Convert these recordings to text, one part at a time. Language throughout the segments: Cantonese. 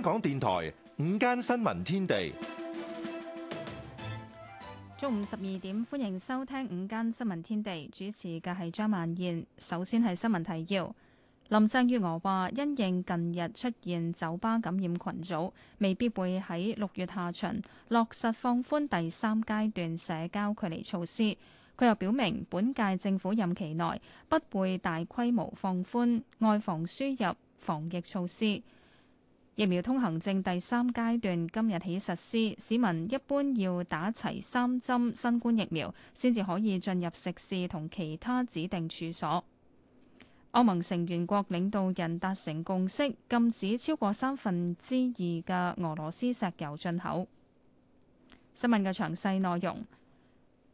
香港電台午間新聞天地，中午十二點。歡迎收聽午間新聞天地，主持嘅係張曼燕。首先係新聞提要，林鄭月娥話，因應近日出現酒吧感染群組，未必會喺六月下旬落實放寬第三階段社交距離措施。佢又表明，本屆政府任期內不會大規模放寬外防輸入防疫措施。疫苗通行證第三階段今日起實施，市民一般要打齊三針新冠疫苗，先至可以進入食肆同其他指定處所。歐盟成員國領導人達成共識，禁止超過三分之二嘅俄羅斯石油進口。新聞嘅詳細內容。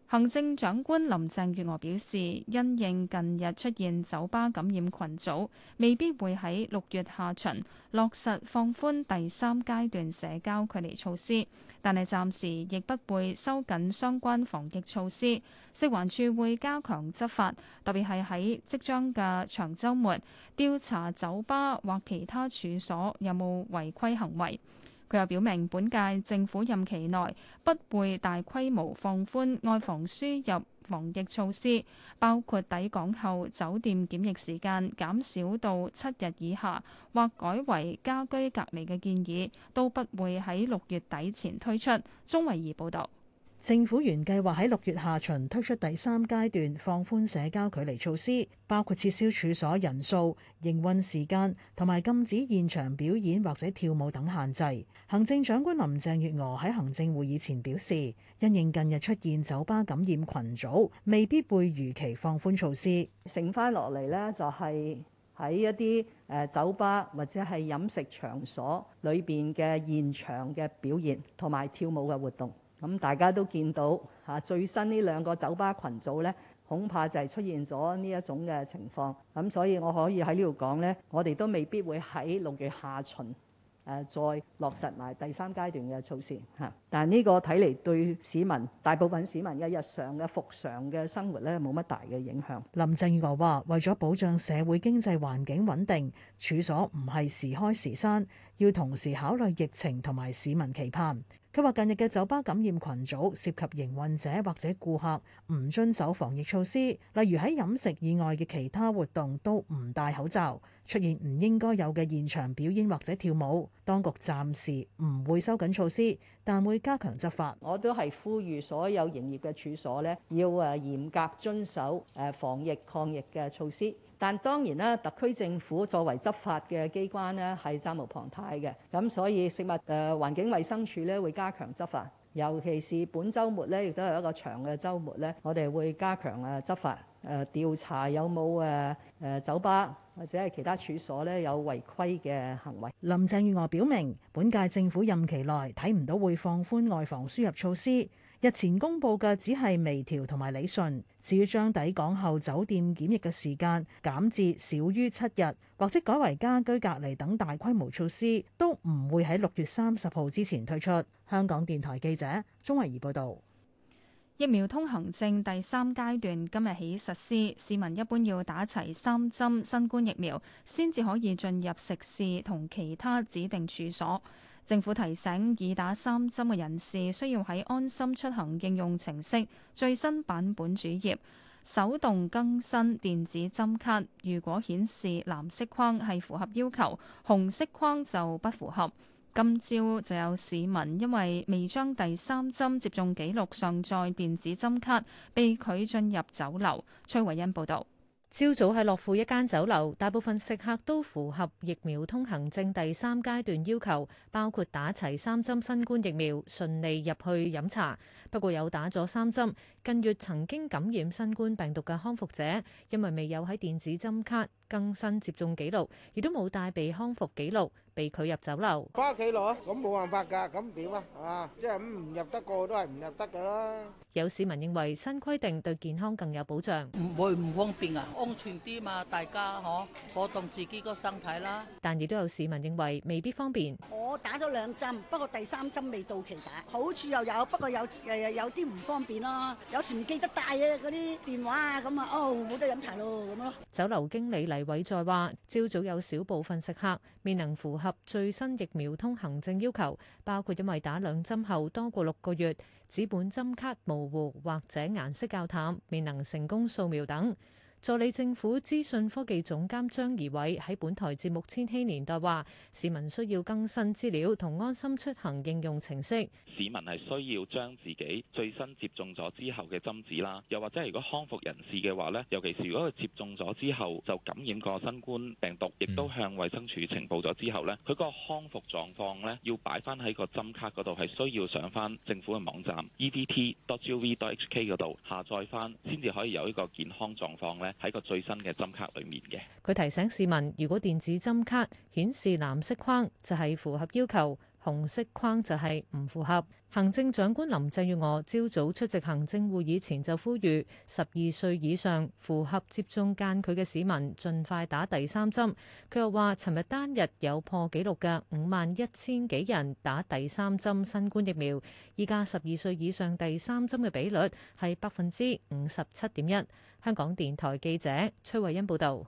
行政長官林鄭月娥表示，因應近日出現酒吧感染群組，未必會喺六月下旬落實放寬第三階段社交距離措施，但係暫時亦不會收緊相關防疫措施。食環署會加強執法，特別係喺即將嘅長週末，調查酒吧或其他處所有冇違規行為。佢又表明，本屆政府任期內不會大規模放寬外防輸入防疫措施，包括抵港後酒店檢疫時間減少到七日以下，或改為家居隔離嘅建議，都不會喺六月底前推出。鍾維儀報道。政府原計劃喺六月下旬推出第三階段放寬社交距離措施，包括撤銷處所人數、營運時間同埋禁止現場表演，或者跳舞等限制。行政長官林鄭月娥喺行政會議前表示，因應近日出現酒吧感染群組，未必會如期放寬措施。剩翻落嚟咧，就係喺一啲誒酒吧或者係飲食場所裏邊嘅現場嘅表現同埋跳舞嘅活動。大家都見到，最新呢兩個酒吧群組咧，恐怕就係出現咗呢一種嘅情況。咁所以我可以喺呢度講咧，我哋都未必會喺六月下旬。誒，再落實埋第三階段嘅措施嚇，但係呢個睇嚟對市民大部分市民嘅日常嘅復常嘅生活呢，冇乜大嘅影響。林鄭月娥話：為咗保障社會經濟環境穩定，處所唔係時開時閂，要同時考慮疫情同埋市民期盼。佢話近日嘅酒吧感染群組涉及營運者或者顧客唔遵守防疫措施，例如喺飲食以外嘅其他活動都唔戴口罩，出現唔應該有嘅現場表演或者跳舞，當局暫時唔會收緊措施，但會加強執法。我都係呼籲所有營業嘅處所咧，要誒嚴格遵守誒防疫抗疫嘅措施。但當然啦，特區政府作為執法嘅機關咧，係責無旁貸嘅。咁所以食物誒、呃、環境衞生署咧會加強執法，尤其是本週末咧亦都係一個長嘅週末咧，我哋會加強誒執法。誒調查有冇誒誒酒吧或者係其他處所咧有違規嘅行為。林鄭月娥表明，本屆政府任期內睇唔到會放寬外防輸入措施。日前公布嘅只係微調同埋理順，至於將抵港後酒店檢疫嘅時間減至少於七日，或者改為家居隔離等大規模措施，都唔會喺六月三十號之前推出。香港電台記者鍾慧儀報道。疫苗通行證第三階段今日起實施，市民一般要打齊三針新冠疫苗，先至可以進入食肆同其他指定處所。政府提醒，已打三針嘅人士需要喺安心出行應用程式最新版本主頁，手動更新電子針卡，如果顯示藍色框係符合要求，紅色框就不符合。今朝就有市民因為未將第三針接種記錄上載電子針卡，被拒進入酒樓。崔慧欣報道，朝早喺樂富一間酒樓，大部分食客都符合疫苗通行證第三階段要求，包括打齊三針新冠疫苗，順利入去飲茶。不過有打咗三針，近月曾經感染新冠病毒嘅康復者，因為未有喺電子針卡更新接種記錄，亦都冇帶備康復記錄。被拒入酒樓，翻屋企攞。咁冇辦法噶，咁點啊？啊，即係咁唔入得過都係唔入得噶啦。有市民認為新規定對健康更有保障，唔會唔方便啊，安全啲嘛，大家可可當自己個身體啦。但亦都有市民認為未必方便。我打咗兩針，不過第三針未到期打。好處又有，不過有又有有啲唔方便咯。有時唔記得帶啊，嗰啲電話啊咁啊，哦冇得飲茶咯咁咯。酒樓經理黎偉再話，朝早有小部分食客，未能符合最新疫苗通行證要求，包括因為打兩針後多過六個月，紙本針卡模糊或者顏色較淡，未能成功掃描等。助理政府資訊科技總監張怡偉喺本台節目《千禧年代》話，市民需要更新資料同安心出行應用程式。市民係需要將自己最新接種咗之後嘅針紙啦，又或者係如果康復人士嘅話咧，尤其是如果佢接種咗之後就感染過新冠病毒，亦都向衛生署呈報咗之後咧，佢個康復狀況咧要擺翻喺個針卡嗰度，係需要上翻政府嘅網站 e d t g o v h k 度，下載翻，先至可以有一個健康狀況咧。喺個最新嘅針卡裏面嘅，佢提醒市民，如果電子針卡顯示藍色框，就係符合要求；紅色框就係唔符合。行政長官林鄭月娥朝早出席行政會議前就呼籲，十二歲以上符合接種間距嘅市民盡快打第三針。佢又話，尋日單日有破紀錄嘅五萬一千幾人打第三針新冠疫苗，依家十二歲以上第三針嘅比率係百分之五十七點一。香港電台記者崔慧欣報道。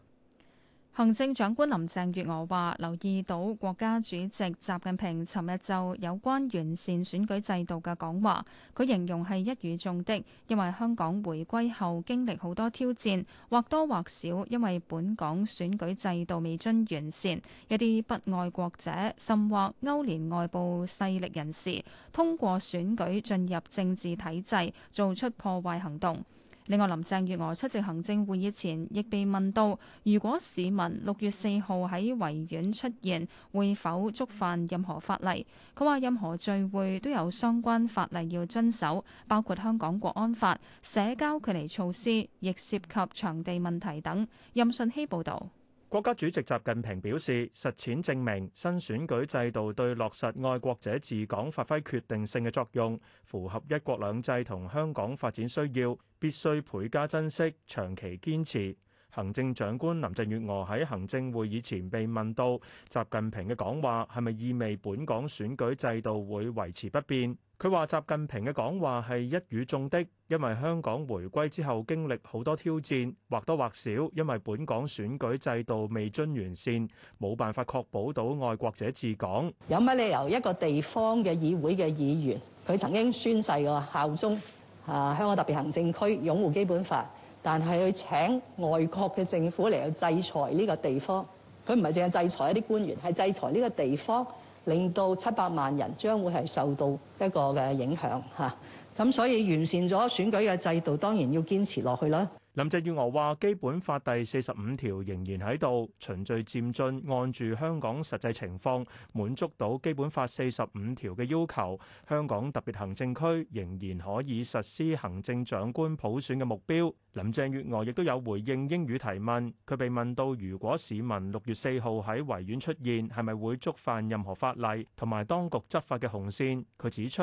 行政長官林鄭月娥話：留意到國家主席習近平尋日就有關完善選舉制度嘅講話，佢形容係一語中的，因為香港回歸後經歷好多挑戰，或多或少因為本港選舉制度未臻完善，一啲不愛國者，甚或勾連外部勢力人士，通過選舉進入政治體制，做出破壞行動。另外，林鄭月娥出席行政會議前，亦被問到，如果市民六月四號喺維園出現，會否觸犯任何法例？佢話：任何聚會都有相關法例要遵守，包括香港國安法、社交距離措施，亦涉及場地問題等。任信希報導。國家主席習近平表示，實踐證明新選舉制度對落實愛國者治港發揮決定性嘅作用，符合一國兩制同香港發展需要，必須倍加珍惜，長期堅持。行政長官林鄭月娥喺行政會議前被問到，習近平嘅講話係咪意味本港選舉制度會維持不變？佢話：習近平嘅講話係一語中的，因為香港回歸之後經歷好多挑戰，或多或少，因為本港選舉制度未臻完善，冇辦法確保到外國者治港。有乜理由一個地方嘅議會嘅議員，佢曾經宣誓過效忠啊香港特別行政區，擁護基本法，但係去請外國嘅政府嚟去制裁呢個地方，佢唔係淨係制裁一啲官員，係制裁呢個地方。令到七百萬人將會係受到一個嘅影響，吓、啊、咁所以完善咗選舉嘅制度，當然要堅持落去啦。林鄭月娥話：基本法第四十五條仍然喺度，循序漸進，按住香港實際情況，滿足到基本法四十五條嘅要求，香港特別行政區仍然可以實施行政長官普選嘅目標。林鄭月娥亦都有回應英語提問，佢被問到如果市民六月四號喺維園出現，係咪會觸犯任何法例同埋當局執法嘅紅線，佢指出。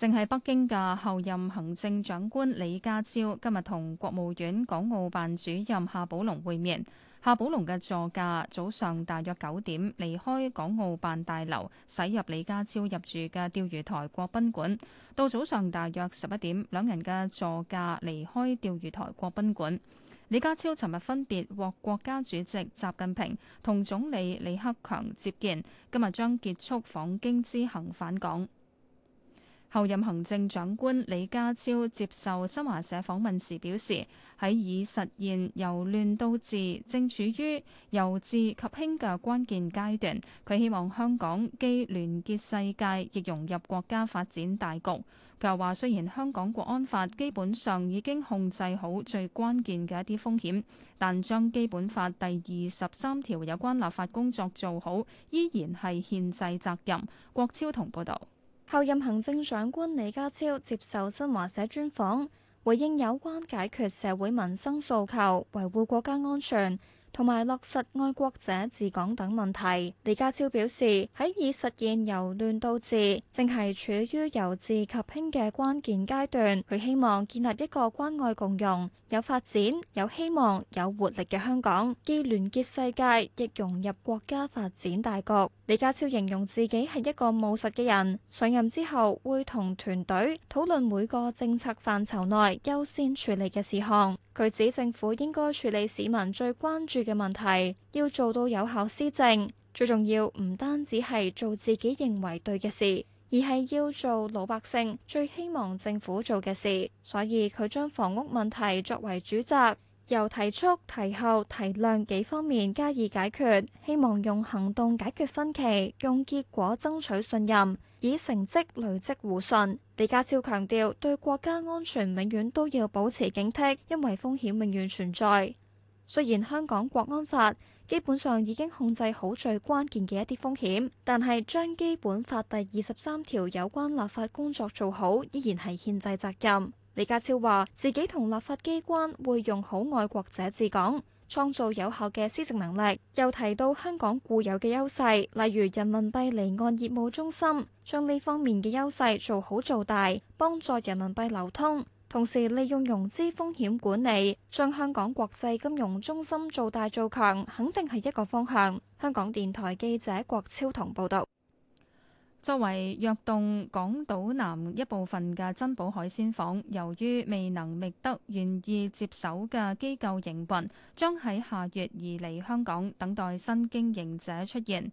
正喺北京嘅候任行政長官李家超今日同國務院港澳辦主任夏寶龍會面。夏寶龍嘅座駕早上大約九點離開港澳辦大樓駛入李家超入住嘅釣魚台國賓館，到早上大約十一點兩人嘅座駕離開釣魚台國賓館，李家超尋日分別獲國家主席習近平同總理李克強接見，今日將結束訪京之行返港。後任行政長官李家超接受新華社訪問時表示，喺已實現由亂到治，正處於由治及興嘅關鍵階段。佢希望香港既聯結世界，亦融入國家發展大局。佢話，雖然香港國安法基本上已經控制好最關鍵嘅一啲風險，但將基本法第二十三條有關立法工作做好，依然係憲制責任。郭超同報導。候任行政長官李家超接受新華社專訪，回應有關解決社會民生訴求、維護國家安全，同埋落實愛國者治港等問題，李家超表示喺已實現由亂到治，正係處於由治及興嘅關鍵階段。佢希望建立一個關愛共融、有發展、有希望、有活力嘅香港，既聯結世界，亦融入國家發展大局。李家超形容自己係一個務實嘅人，上任之後會同團隊討論每個政策範疇內優先處理嘅事項，佢指政府應該處理市民最關注。嘅問題要做到有效施政，最重要唔單止係做自己認為對嘅事，而係要做老百姓最希望政府做嘅事。所以佢將房屋問題作為主責，由提速提後提量幾方面加以解決，希望用行動解決分歧，用結果爭取信任，以成績累積互信。李家超強調，對國家安全永遠都要保持警惕，因為風險永遠存在。雖然香港國安法基本上已經控制好最關鍵嘅一啲風險，但係將基本法第二十三條有關立法工作做好，依然係憲制責任。李家超話：自己同立法機關會用好愛國者治港，創造有效嘅施政能力。又提到香港固有嘅優勢，例如人民幣離岸業務中心，將呢方面嘅優勢做好做大，幫助人民幣流通。同時，利用融資風險管理將香港國際金融中心做大做強，肯定係一個方向。香港電台記者郭超棠報導。作為躍動港島南一部分嘅珍寶海鮮坊，由於未能覓得願意接手嘅機構營運，將喺下月移離香港，等待新經營者出現。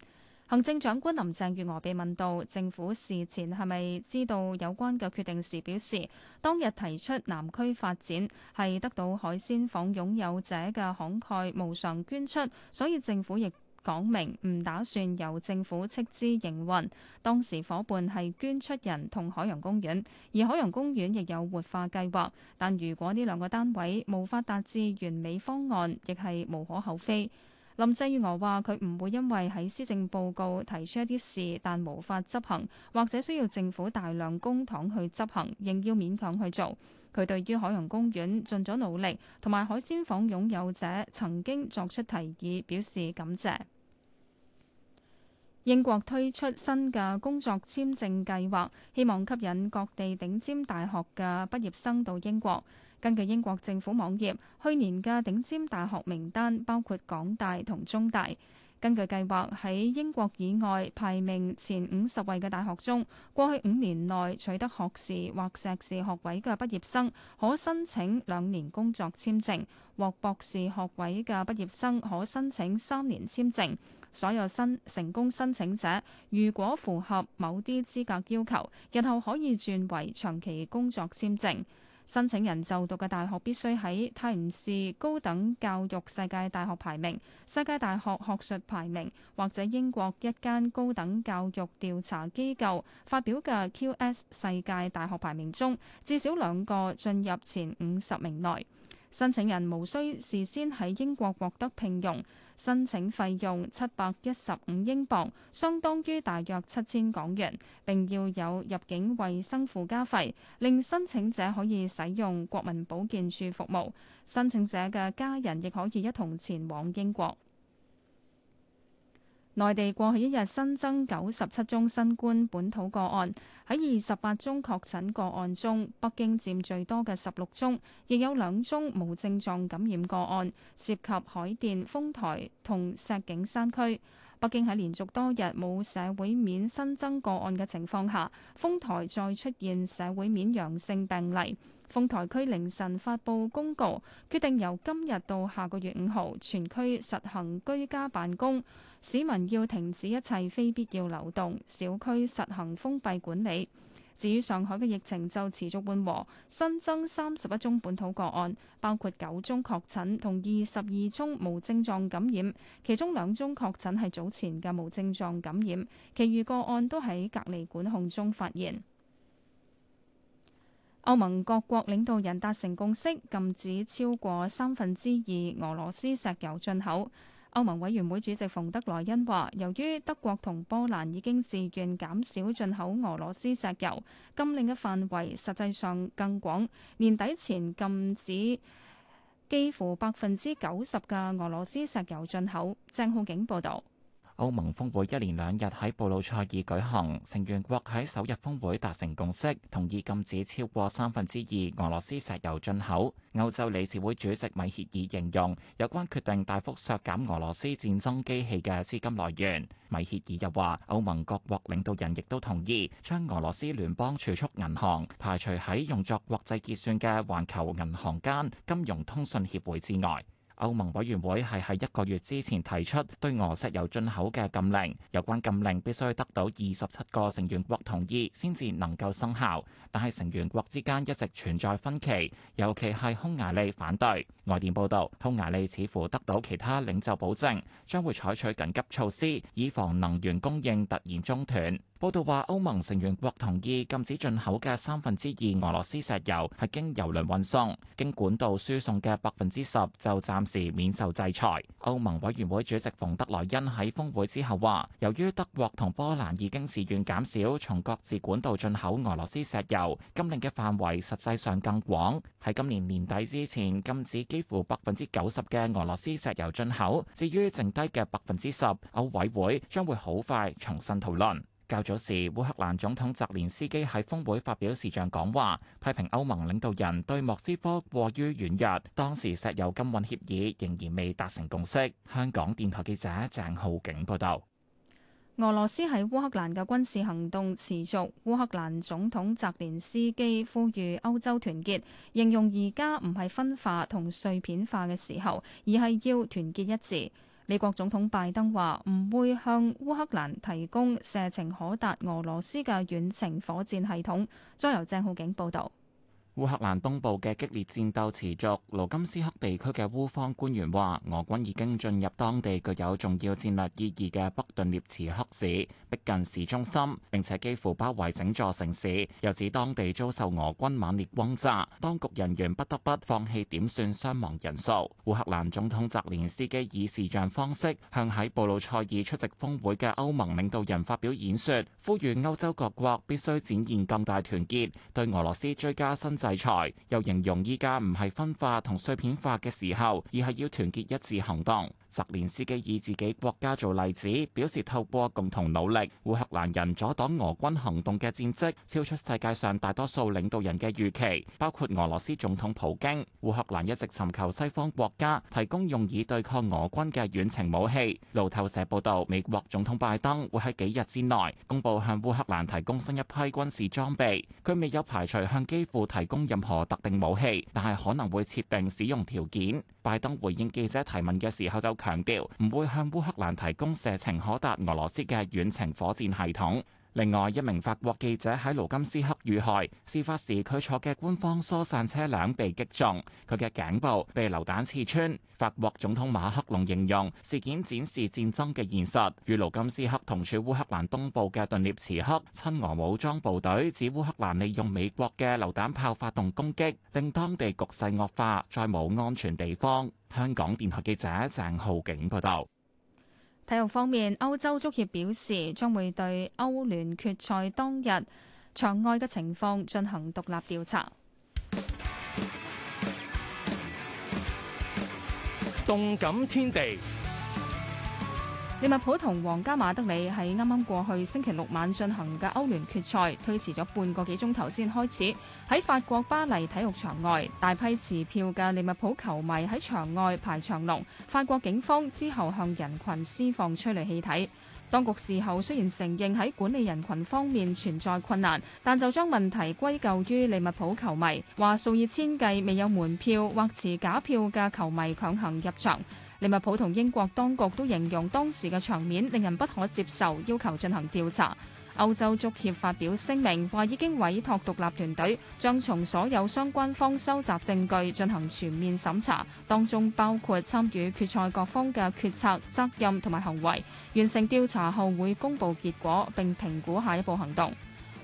行政長官林鄭月娥被問到政府事前係咪知道有關嘅決定時，表示當日提出南區發展係得到海鮮舫擁有者嘅慷慨無償捐出，所以政府亦講明唔打算由政府斥資營運。當時夥伴係捐出人同海洋公園，而海洋公園亦有活化計劃。但如果呢兩個單位無法達至完美方案，亦係無可厚非。林鄭月娥話：佢唔會因為喺施政報告提出一啲事，但無法執行，或者需要政府大量公帑去執行，仍要勉強去做。佢對於海洋公園盡咗努力，同埋海鮮舫擁有者曾經作出提議，表示感謝。英國推出新嘅工作簽證計劃，希望吸引各地頂尖大學嘅畢業生到英國。根據英國政府網頁，去年嘅頂尖大學名單包括港大同中大。根據計劃，喺英國以外排名前五十位嘅大學中，過去五年內取得學士或碩士學位嘅畢業生，可申請兩年工作簽證；獲博士學位嘅畢業生可申請三年簽證。所有申成功申請者，如果符合某啲資格要求，日後可以轉為長期工作簽證。申請人就讀嘅大學必須喺泰晤士高等教育世界大學排名、世界大學學術排名，或者英國一間高等教育調查機構發表嘅 QS 世界大學排名中至少兩個進入前五十名內。申請人無需事先喺英國獲得聘用。申請費用七百一十五英鎊，相當於大約七千港元，並要有入境衛生附加費，令申請者可以使用國民保健署服務。申請者嘅家人亦可以一同前往英國。內地過去一日新增九十七宗新冠本土個案，喺二十八宗確診個案中，北京佔最多嘅十六宗，亦有兩宗無症狀感染個案，涉及海淀、豐台同石景山區。北京喺連續多日冇社會面新增個案嘅情況下，豐台再出現社會面陽性病例。鳳台區凌晨發布公告，決定由今日到下個月五號，全區實行居家辦公，市民要停止一切非必要流動，小區實行封閉管理。至於上海嘅疫情就持續緩和，新增三十一宗本土個案，包括九宗確診同二十二宗無症狀感染，其中兩宗確診係早前嘅無症狀感染，其餘個案都喺隔離管控中發現。歐盟各國領導人達成共識，禁止超過三分之二俄羅斯石油進口。歐盟委員會主席馮德萊恩話，由於德國同波蘭已經自願減少進口俄羅斯石油，禁令嘅範圍實際上更廣，年底前禁止幾乎百分之九十嘅俄羅斯石油進口。鄭浩景報導。歐盟峰會一連兩日喺布魯塞爾舉行，成員國喺首日峰會達成共識，同意禁止超過三分之二俄羅斯石油進口。歐洲理事會主席米歇爾形容有關決定大幅削減俄羅斯戰爭機器嘅資金來源。米歇爾又話，歐盟各國領導人亦都同意將俄羅斯聯邦儲蓄銀行排除喺用作國際結算嘅環球銀行間金融通訊協會之外。歐盟委員會係喺一個月之前提出對俄石油進口嘅禁令，有關禁令必須得到二十七個成員國同意先至能夠生效，但係成員國之間一直存在分歧，尤其係匈牙利反對。外電報導，匈牙利似乎得到其他領袖保證，將會採取緊急措施，以防能源供應突然中斷。報道話，歐盟成員國同意禁止進口嘅三分之二俄羅斯石油係經油輪運送，經管道輸送嘅百分之十就暫時免受制裁。歐盟委員會主席馮德萊恩喺峰會之後話，由於德國同波蘭已經自願減少從各自管道進口俄羅斯石油，禁令嘅範圍實際上更廣，喺今年年底之前禁止幾乎百分之九十嘅俄羅斯石油進口。至於剩低嘅百分之十，歐委會將會好快重新討論。較早時，烏克蘭總統澤連斯基喺峰會發表視像講話，批評歐盟領導人對莫斯科過於軟弱。當時石油禁運協議仍然未達成共識。香港電台記者鄭浩景報道。俄羅斯喺烏克蘭嘅軍事行動持續，烏克蘭總統澤連斯基呼籲歐洲團結，形容而家唔係分化同碎片化嘅時候，而係要團結一致。美國總統拜登話唔會向烏克蘭提供射程可達俄羅斯嘅遠程火箭系統。再由鄭浩景報道。烏克蘭東部嘅激烈戰鬥持續。盧甘斯克地區嘅烏方官員話，俄軍已經進入當地具有重要戰略意義嘅北頓涅茨克市，逼近市中心，並且幾乎包圍整座城市。又指當地遭受俄軍猛烈轟炸，當局人員不得不放棄點算傷亡人數。烏克蘭總統澤連斯基以視像方式向喺布魯塞爾出席峰會嘅歐盟領導人發表演說，呼籲歐洲各國必須展現更大團結，對俄羅斯追加新增制裁，又形容依家唔係分化同碎片化嘅時候，而係要團結一致行動。澤連斯基以自己國家做例子，表示透過共同努力，烏克蘭人阻擋俄軍行動嘅戰績，超出世界上大多數領導人嘅預期，包括俄羅斯總統普京。烏克蘭一直尋求西方國家提供用以對抗俄軍嘅遠程武器。路透社報道，美國總統拜登會喺幾日之內公布向烏克蘭提供新一批軍事裝備，佢未有排除向基庫提供。任何特定武器，但係可能會設定使用條件。拜登回應記者提問嘅時候就強調，唔會向烏克蘭提供射程可達俄羅斯嘅遠程火箭系統。另外一名法國記者喺盧甘斯克遇害，事發時，佢坐嘅官方疏散車輛被擊中，佢嘅頸部被榴彈刺穿。法國總統馬克龍形容事件展示戰爭嘅現實，與盧甘斯克同處烏克蘭東部嘅頓涅茨克親俄武裝部隊指烏克蘭利用美國嘅榴彈炮發動攻擊，令當地局勢惡化，再冇安全地方。香港電台記者鄭浩景報道。體育方面，歐洲足協表示將會對歐聯決賽當日場外嘅情況進行獨立調查。動感天地。利物浦同皇家馬德里喺啱啱過去星期六晚進行嘅歐聯決賽推遲咗半個幾鐘頭先開始，喺法國巴黎體育場外，大批持票嘅利物浦球迷喺場外排長龍。法國警方之後向人群施放催淚氣體。當局事後雖然承認喺管理人群方面存在困難，但就將問題歸咎於利物浦球迷，話數以千計未有門票或持假票嘅球迷強行入場。利物浦同英國當局都形容當時嘅場面令人不可接受，要求進行調查。歐洲足協發表聲明，話已經委託獨立團隊，將從所有相關方收集證據，進行全面審查，當中包括參與決賽各方嘅決策、責任同埋行為。完成調查後會公佈結果，並評估下一步行動。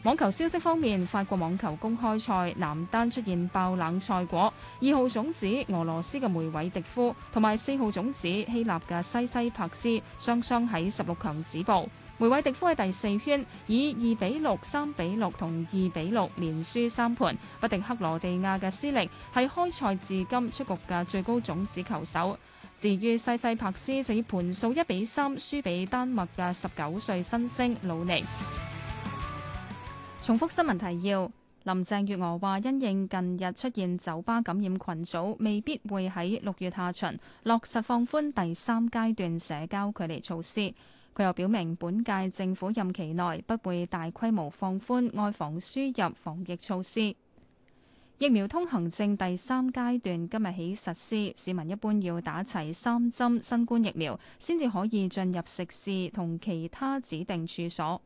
網球消息方面，法國網球公開賽男單出現爆冷賽果，二號種子俄羅斯嘅梅維迪夫同埋四號種子希臘嘅西西帕斯雙雙喺十六強止步。梅維迪夫喺第四圈以二比六、三比六同二比六連輸三盤，不敵克羅地亞嘅斯力，係開賽至今出局嘅最高種子球手。至於西西帕斯，就以盤數一比三輸俾丹麥嘅十九歲新星魯尼。重複新聞提要。林鄭月娥話，因應近日出現酒吧感染群組，未必會喺六月下旬落實放寬第三階段社交距離措施。佢又表明，本屆政府任期內不會大規模放寬外防輸入防疫措施。疫苗通行證第三階段今日起實施，市民一般要打齊三針新冠疫苗，先至可以進入食肆同其他指定處所。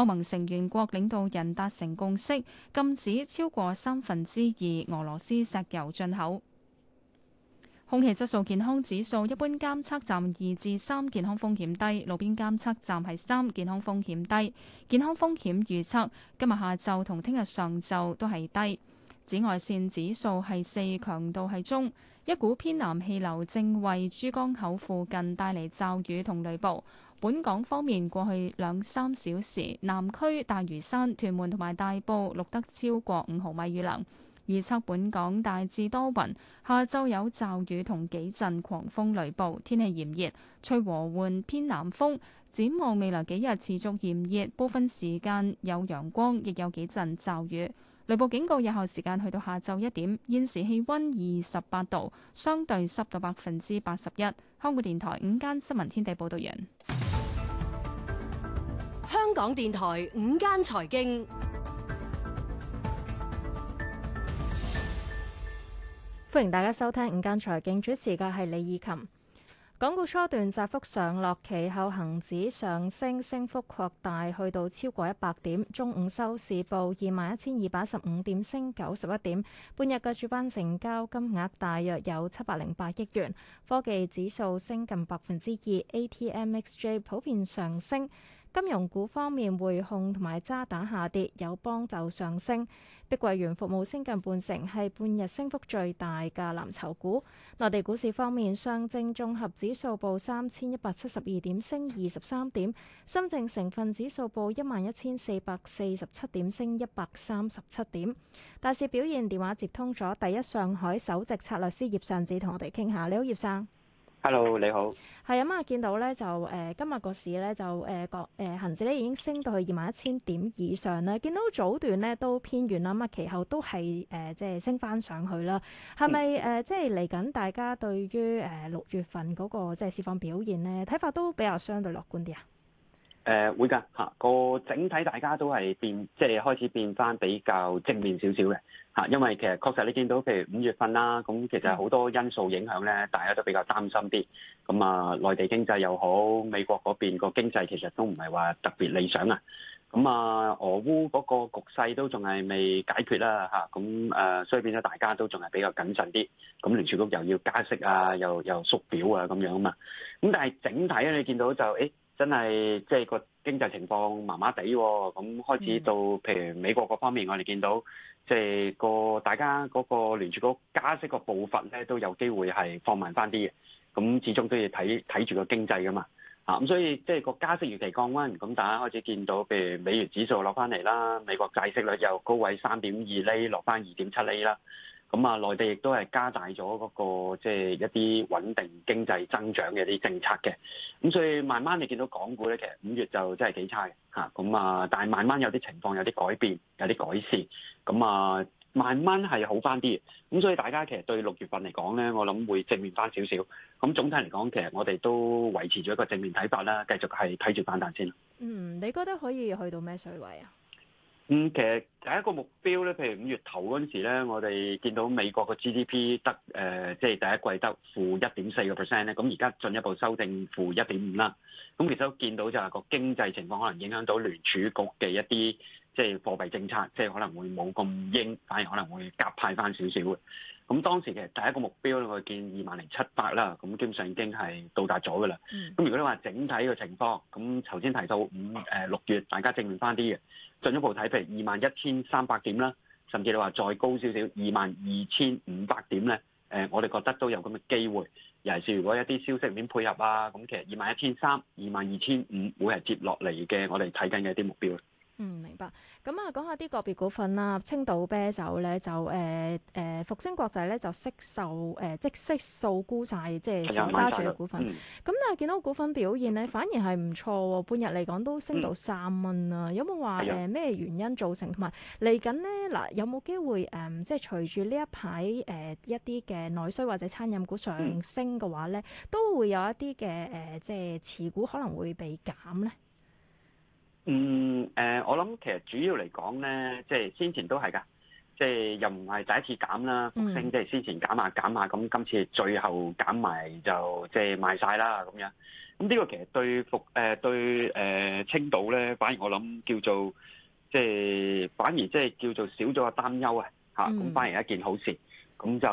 歐盟成員國領導人達成共識，禁止超過三分之二俄羅斯石油進口。空氣質素健康指數一般監測站二至三，健康風險低；路邊監測站係三，健康風險低。健康風險預測今日下晝同聽日上晝都係低。紫外線指數係四，強度係中。一股偏南氣流正為珠江口附近帶嚟驟雨同雷暴。本港方面，過去兩三小時，南區大嶼山、屯門同埋大埔錄得超過五毫米雨量。預測本港大致多雲，下晝有驟雨同幾陣狂風雷暴。天氣炎熱，吹和緩偏南風。展望未來幾日持續炎熱，部分時間有陽光，亦有幾陣驟雨。雷暴警告有效時間去到下晝一點。現時氣温二十八度，相對濕度百分之八十一。香港電台午間新聞天地報道員，香港電台午間財經。歡迎大家收聽午間財經，主持嘅係李綺琴。港股初段窄幅上落，其後恒指上升，升幅擴大，去到超過一百點。中午收市報二萬一千二百一十五點，升九十一點。半日嘅主板成交金額大約有七百零八億元。科技指數升近百分之二，ATMXJ 普遍上升。金融股方面，匯控同埋渣打下跌，友邦就上升。碧桂園服務升近半成，係半日升幅最大嘅藍籌股。內地股市方面，上證綜合指數報三千一百七十二點，升二十三點；深證成分指數報一萬一千四百四十七點，升一百三十七點。大市表現，電話接通咗第一上海首席策略師葉尚志同我哋傾下。你好，葉生。Hello，你好。係啊，咁啊見到咧就誒、呃，今日個市咧就誒個誒恆指咧已經升到去二萬一千點以上咧，見到早段咧都偏軟啦，咁啊其後都係誒、呃、即係升翻上去啦。係咪誒即係嚟緊？大家對於誒六、呃、月份嗰、那個即係市況表現咧，睇法都比較相對樂觀啲啊？誒會㗎嚇，個整體大家都係變，即係開始變翻比較正面少少嘅嚇，因為其實確實你見到譬如五月份啦，咁其實好多因素影響咧，大家都比較擔心啲。咁啊，內地經濟又好，美國嗰邊個經濟其實都唔係話特別理想啊。咁啊，俄烏嗰個局勢都仲係未解決啦嚇。咁誒，所以變咗大家都仲係比較謹慎啲。咁聯儲局又要加息啊，又又縮表啊咁樣啊嘛。咁但係整體咧，你見到就誒，欸真係即係個經濟情況麻麻地喎，咁、嗯嗯、開始到譬如美國嗰方面，我哋見到即係、就是、個大家嗰個聯儲局個加息個步伐咧，都有機會係放慢翻啲嘅。咁始終都要睇睇住個經濟噶嘛，啊、嗯、咁、嗯、所以即係個加息預期降溫，咁大家開始見到譬如美元指數落翻嚟啦，美國債息率由高位三點二厘落翻二點七厘啦。咁啊，內地亦都係加大咗嗰個即係一啲穩定經濟增長嘅啲政策嘅，咁所以慢慢你見到港股咧，其實五月就真係幾差嘅嚇，咁啊，但係慢慢有啲情況有啲改變，有啲改善，咁啊，慢慢係好翻啲，咁所以大家其實對六月份嚟講咧，我諗會正面翻少少，咁總體嚟講，其實我哋都維持咗一個正面睇法啦，繼續係睇住反彈先。嗯，你覺得可以去到咩水位啊？咁、嗯、其實第一個目標咧，譬如五月頭嗰陣時咧，我哋見到美國嘅 GDP 得誒、呃，即係第一季得負一點四個 percent 咧。咁而家進一步修正負一點五啦。咁其實都見到就係個經濟情況可能影響到聯儲局嘅一啲即係貨幣政策，即係可能會冇咁鷹，反而可能會鴿派翻少少嘅。咁當時其實第一個目標我見二萬零七百啦，咁基本上已經係到達咗嘅啦。咁如果你話整體嘅情況，咁頭先提到五誒六月，大家正面翻啲嘅。進一步睇，譬如二萬一千三百點啦，甚至你話再高少少，二萬二千五百點咧，誒，我哋覺得都有咁嘅機會。尤其是如果一啲消息面配合啊，咁其實二萬一千三、二萬二千五會係接落嚟嘅，我哋睇緊嘅一啲目標。嗯，明白。咁、嗯、啊，講下啲個別股份啦。青島啤酒咧就誒誒、呃呃，復星國際咧就悉售誒、呃、即悉數沽晒，即係所揸住嘅股份。咁、嗯、但係見到股份表現咧，反而係唔錯喎。半日嚟講都升到三蚊啦。有冇話誒咩原因造成？同埋嚟緊咧嗱，有冇機會誒、嗯、即係隨住呢一排誒、呃、一啲嘅內需或者餐飲股上升嘅話咧，嗯、都會有一啲嘅誒即係持股可能會被減咧？嗯，誒，我諗其實主要嚟講咧，即係先前都係㗎，即係又唔係第一次減啦，復星即係先前減下減下，咁今次最後減埋就即係賣晒啦咁樣。咁呢個其實對復誒對誒青島咧，反而我諗叫做即係反而即係叫做少咗個擔憂啊嚇，咁反而一件好事。咁就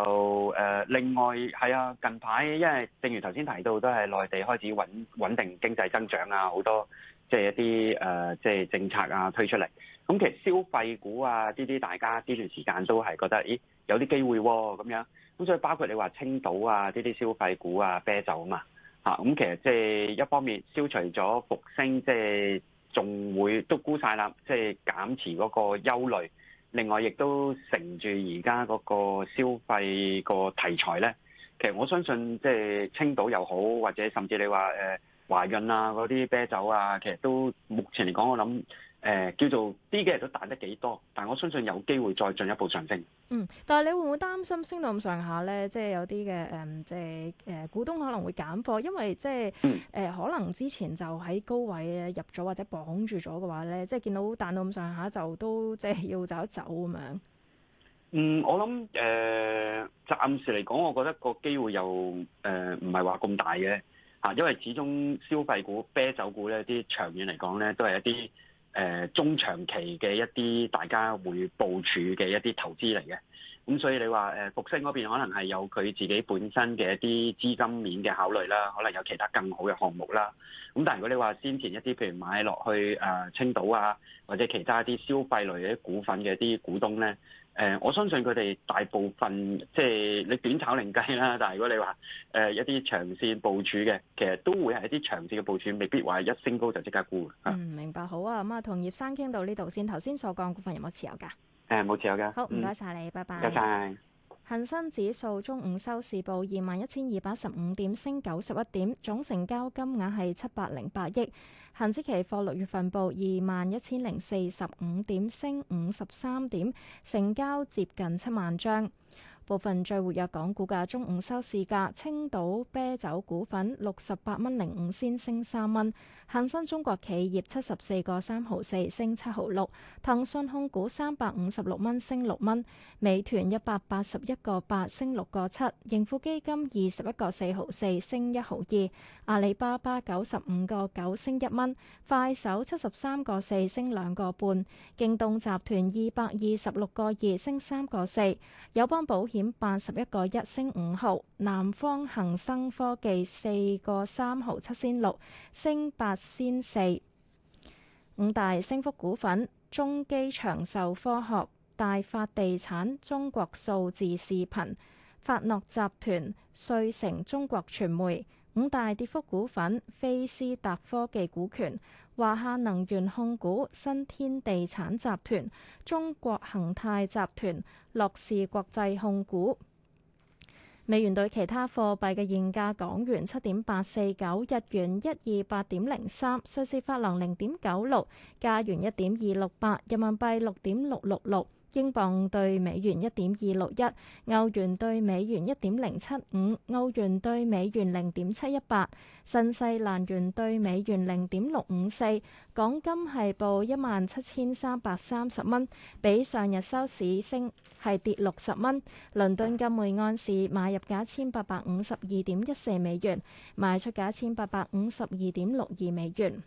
誒另外係啊，近排因為正如頭先提到，都係內地開始穩穩定經濟增長啊，好多。即係一啲誒、呃，即係政策啊推出嚟，咁其實消費股啊，呢啲大家呢段時間都係覺得，咦有啲機會咁、啊、樣，咁所以包括你話青島啊，呢啲消費股啊，啤酒啊，嚇、啊、咁、嗯、其實即係一方面消除咗復星，即係仲會都沽晒啦，即、就、係、是、減持嗰個憂慮。另外，亦都乘住而家嗰個消費個題材咧，其實我相信即係青島又好，或者甚至你話誒。呃華潤啊，嗰啲啤酒啊，其實都目前嚟講，我諗誒、呃、叫做呢幾日都彈得幾多，但我相信有機會再進一步上升。嗯，但係你會唔會擔心升到咁上下咧？即係有啲嘅誒，即係誒股東可能會減貨，因為即係誒、呃、可能之前就喺高位誒入咗或者綁住咗嘅話咧，即係見到彈到咁上下就都即係要走一走咁樣。嗯，我諗誒暫時嚟講，我覺得個機會又誒唔係話咁大嘅。啊，因為始終消費股、啤酒股呢啲長遠嚟講呢，都係一啲誒、呃、中長期嘅一啲大家會部署嘅一啲投資嚟嘅。咁所以你話誒、呃、復星嗰邊可能係有佢自己本身嘅一啲資金面嘅考慮啦，可能有其他更好嘅項目啦。咁但係如果你話先前一啲譬如買落去誒、呃、青島啊，或者其他一啲消費類嘅股份嘅啲股東呢。誒、呃，我相信佢哋大部分即係你短炒零雞啦，但係如果你話誒、呃、一啲長線部署嘅，其實都會係一啲長線嘅部署，未必話一升高就即刻沽。啊、嗯，明白好啊。咁啊，同葉生傾到呢度先。頭先所講股份有冇持有㗎？誒、呃，冇持有㗎。好，唔該晒你，嗯、拜拜。唔該拜。拜拜。恒生指數中午收市報二萬一千二百十五點，升九十一點，總成交金額係七百零八億。恒指期貨六月份報二萬一千零四十五點，升五十三點，成交接近七萬張。部分最活躍港股嘅中午收市價，青島啤酒股份六十八蚊零五仙升三蚊，恆生中國企業七十四個三毫四升七毫六，騰訊控股三百五十六蚊升六蚊，美團一百八十一個八升六個七，盈富基金二十一個四毫四升一毫二，阿里巴巴九十五個九升一蚊，快手七十三個四升兩個半，京東集團二百二十六個二升三個四，友邦保險點八十一個一升五毫，南方恒生科技四個三毫七仙六升八仙四，五大升幅股份：中基長壽科學、大發地產、中國數字視頻、發諾集團、瑞誠中國傳媒。五大跌幅股份：菲斯達科技股權、華夏能源控股、新天地產集團、中國恒泰集團、樂視國際控股。美元兌其他貨幣嘅現價：港元七點八四九，日元一二八點零三，瑞士法郎零點九六，加元一點二六八，人民幣六點六六六。英鎊兌美元一點二六一，歐元兌美元一點零七五，歐元兌美元零點七一八，新西蘭元兌美元零點六五四。港金係報一萬七千三百三十蚊，比上日收市升係跌六十蚊。倫敦金每盎司買入價一千八百五十二點一四美元，賣出價一千八百五十二點六二美元。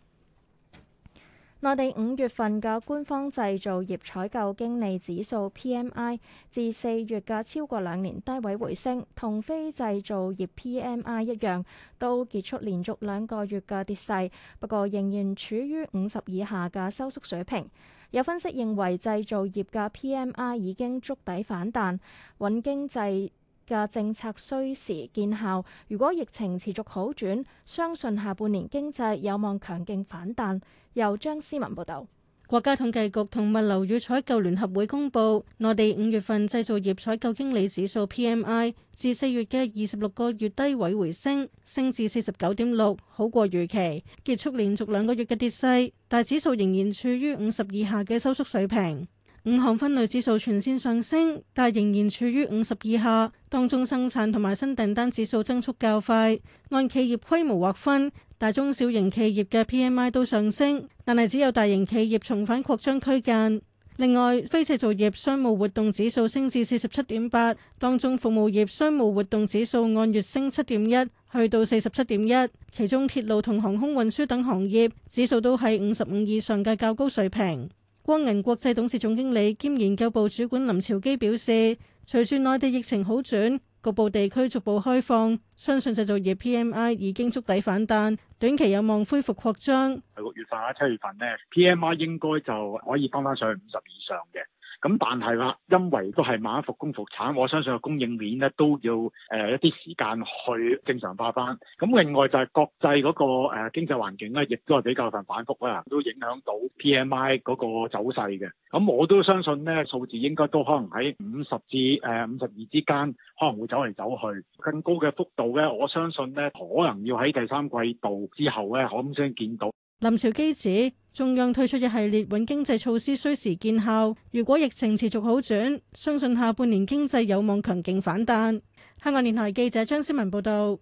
內地五月份嘅官方製造業採購經理指數 P M I 自四月嘅超過兩年低位回升，同非製造業 P M I 一樣，都結束連續兩個月嘅跌勢。不過，仍然處於五十以下嘅收縮水平。有分析認為，製造業嘅 P M I 已經觸底反彈，穩經濟嘅政策需時見效。如果疫情持續好轉，相信下半年經濟有望強勁反彈。由張思文報道，國家統計局同物流與採購聯合會公布，內地五月份製造業採購經理指數 PMI，至四月嘅二十六個月低位回升，升至四十九點六，好過預期，結束連續兩個月嘅跌勢，但指數仍然處於五十以下嘅收縮水平。五項分類指數全線上升，但仍然處於五十以下。當中生產同埋新訂單指數增速較快，按企業規模劃分。大中小型企業嘅 PMI 都上升，但係只有大型企業重返擴張區間。另外，非製造業商務活動指數升至四十七點八，當中服務業商務活動指數按月升七點一，去到四十七點一。其中鐵路同航空運輸等行業指數都係五十五以上嘅較高水平。光銀國際董事總經理兼研究部主管林朝基表示，隨住內地疫情好轉。局部地區逐步開放，相信製造業 PMI 已經觸底反彈，短期有望恢復擴張。喺六月份啦、七月份咧，PMI 應該就可以翻翻上去五十以上嘅。咁但係啦，因為都係慢復工復產，我相信個供應鏈咧都要誒一啲時間去正常化返。咁另外就係國際嗰個誒經濟環境咧，亦都係比較份反覆啦，都影響到 PMI 嗰個走勢嘅。咁我都相信咧，數字應該都可能喺五十至誒五十二之間，可能會走嚟走去。更高嘅幅度咧，我相信咧，可能要喺第三季度之後咧，咁先見到。林兆基指。中央推出一系列穩經濟措施，需時見效。如果疫情持續好轉，相信下半年經濟有望強勁反彈。香港電台記者張思文報道。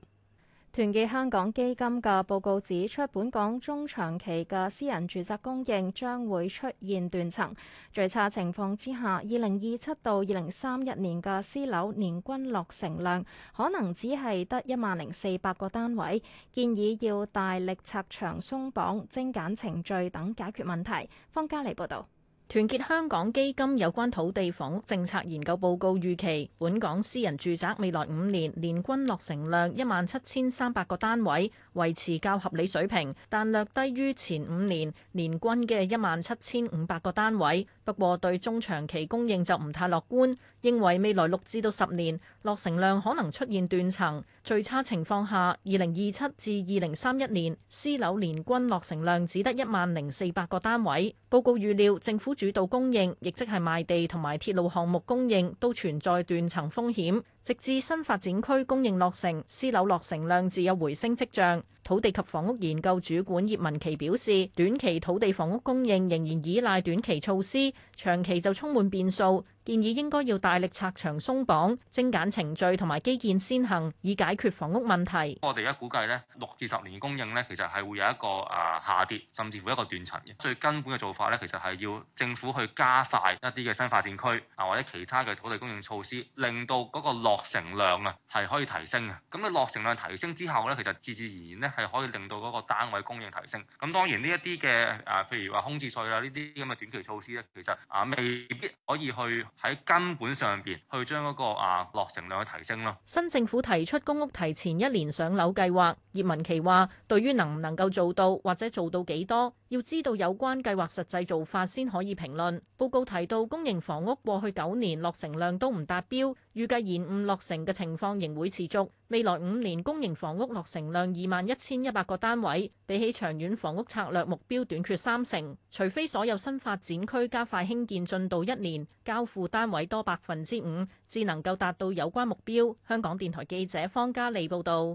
團結香港基金嘅報告指出，本港中長期嘅私人住宅供應將會出現斷層，最差情況之下，二零二七到二零三一年嘅私樓年均落成量可能只係得一萬零四百個單位。建議要大力拆牆、鬆綁、精簡程序等解決問題。方家莉報導。團結香港基金有關土地房屋政策研究報告預期，本港私人住宅未來五年年均落成量一萬七千三百個單位，維持較合理水平，但略低於前五年年均嘅一萬七千五百個單位。不過對中長期供應就唔太樂觀，認為未來六至到十年落成量可能出現斷層，最差情況下，二零二七至二零三一年私樓年均落成量只得一萬零四百個單位。報告預料政府。主導供應，亦即係賣地同埋鐵路項目供應，都存在斷層風險。直至新發展區供應落成，私樓落成量自有回升跡象。土地及房屋研究主管葉文琪表示，短期土地房屋供應仍然依賴短期措施，長期就充滿變數。建議應該要大力拆牆鬆綁、精簡程序同埋基建先行，以解決房屋問題。我哋而家估計咧，六至十年供應咧，其實係會有一個啊下跌，甚至乎一個斷層嘅。最根本嘅做法咧，其實係要政府去加快一啲嘅新發展區啊，或者其他嘅土地供應措施，令到嗰個落成量啊係可以提升啊。咁咧落成量提升之後咧，其實自自然然咧係可以令到嗰個單位供應提升。咁當然呢一啲嘅啊，譬如話空置稅啊呢啲咁嘅短期措施咧，其實啊未必可以去。喺根本上邊去將嗰個啊落成量去提升咯。新政府提出公屋提前一年上樓計劃，葉文琪話對於能唔能夠做到或者做到幾多，要知道有關計劃實際做法先可以評論。報告提到，公營房屋過去九年落成量都唔達標，預計延誤落成嘅情況仍會持續。未來五年公營房屋落成量二萬一千一百個單位，比起長遠房屋策略目標短缺三成。除非所有新發展區加快興建進度，一年交付單位多百分之五，至能夠達到有關目標。香港電台記者方嘉利報導。